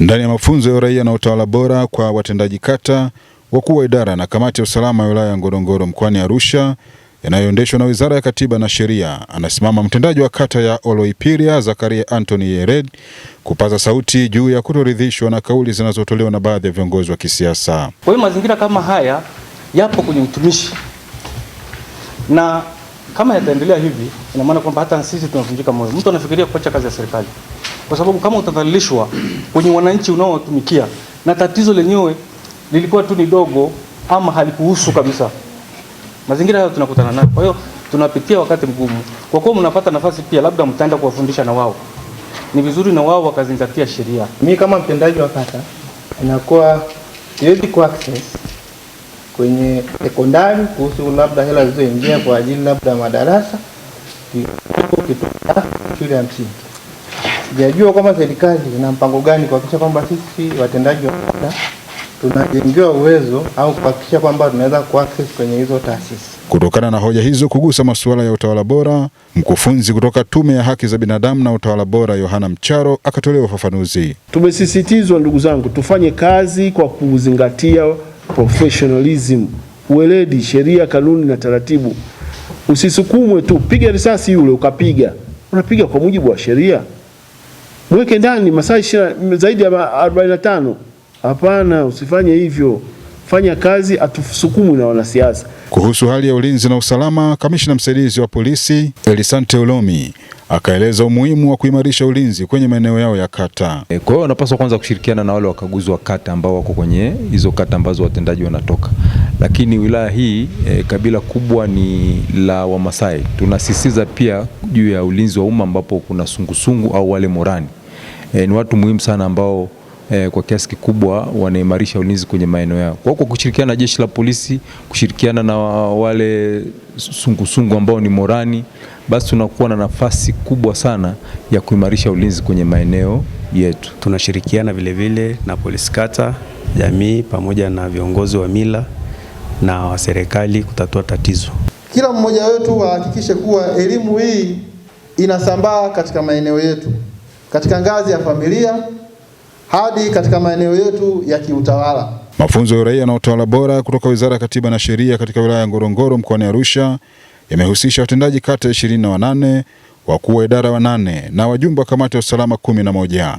Ndani ya mafunzo ya uraia na utawala bora kwa watendaji kata, wakuu wa idara na kamati ya usalama ya wilaya ya Ngorongoro mkoani Arusha yanayoendeshwa na Wizara ya Katiba na Sheria, anasimama mtendaji wa kata ya Oloipiria Zakaria Anthony Yered kupaza sauti juu ya kutoridhishwa na kauli zinazotolewa na baadhi ya viongozi wa kisiasa. Kwa hiyo mazingira kama haya yapo kwenye utumishi, na kama yataendelea hivi, ina maana kwamba hata sisi tunavunjika moyo. Mtu anafikiria kuacha kazi ya serikali kwa sababu kama utadhalilishwa kwenye wananchi unaowatumikia, na tatizo lenyewe lilikuwa tu ni dogo ama halikuhusu kabisa, mazingira hayo tunakutana nayo. Kwa hiyo tunapitia wakati mgumu. Kwa kuwa mnapata nafasi pia, labda mtaenda kuwafundisha na wao, ni vizuri na wao wakazingatia sheria. Mimi kama mtendaji wa kata inakuwa siwezi ku access kwenye sekondari kuhusu labda hela zilizoingia kwa ajili labda madarasa shule ya msingi Sijajua kwamba serikali ina mpango gani kuhakikisha kwamba sisi watendaji wa kata tunajengewa uwezo au kuhakikisha kwamba tunaweza kuaccess kwenye hizo taasisi. Kutokana na hoja hizo kugusa masuala ya utawala bora, mkufunzi kutoka Tume ya Haki za Binadamu na Utawala Bora Yohana Mcharo akatolewa ufafanuzi. Tumesisitizwa ndugu zangu, tufanye kazi kwa kuzingatia professionalism, uweledi, sheria, kanuni na taratibu. Usisukumwe tu, piga risasi yule ukapiga, unapiga kwa mujibu wa sheria mweke ndani masaa zaidi ya 45. Hapana, usifanye hivyo, fanya kazi, atusukumwi na wanasiasa. Kuhusu hali ya ulinzi na usalama, kamishna msaidizi wa polisi Elisante Ulomi akaeleza umuhimu wa kuimarisha ulinzi kwenye maeneo yao ya kata. E, kwa hiyo wanapaswa kwanza kushirikiana na wale wakaguzi wa kata ambao wako kwenye hizo kata ambazo watendaji wanatoka lakini wilaya hii e, kabila kubwa ni la Wamasai. Tunasisitiza pia juu ya ulinzi wa umma ambapo kuna sungusungu au wale morani e, ni watu muhimu sana ambao e, kwa kiasi kikubwa wanaimarisha ulinzi kwenye maeneo yao, kwa kwa kushirikiana na jeshi la polisi, kushirikiana na wale sungusungu ambao ni morani, basi tunakuwa na nafasi kubwa sana ya kuimarisha ulinzi kwenye maeneo yetu. Tunashirikiana vilevile na polisi kata, jamii pamoja na viongozi wa mila na wa serikali kutatua tatizo. Kila mmoja wetu ahakikishe kuwa elimu hii inasambaa katika maeneo yetu, katika ngazi ya familia hadi katika maeneo yetu ya kiutawala. Mafunzo ya uraia na utawala bora kutoka Wizara ya Katiba na Sheria katika wilaya ya Ngorongoro mkoani Arusha yamehusisha watendaji kata ishirini na wanane wakuu wa idara wanane na wajumbe wa kamati ya usalama kumi na moja.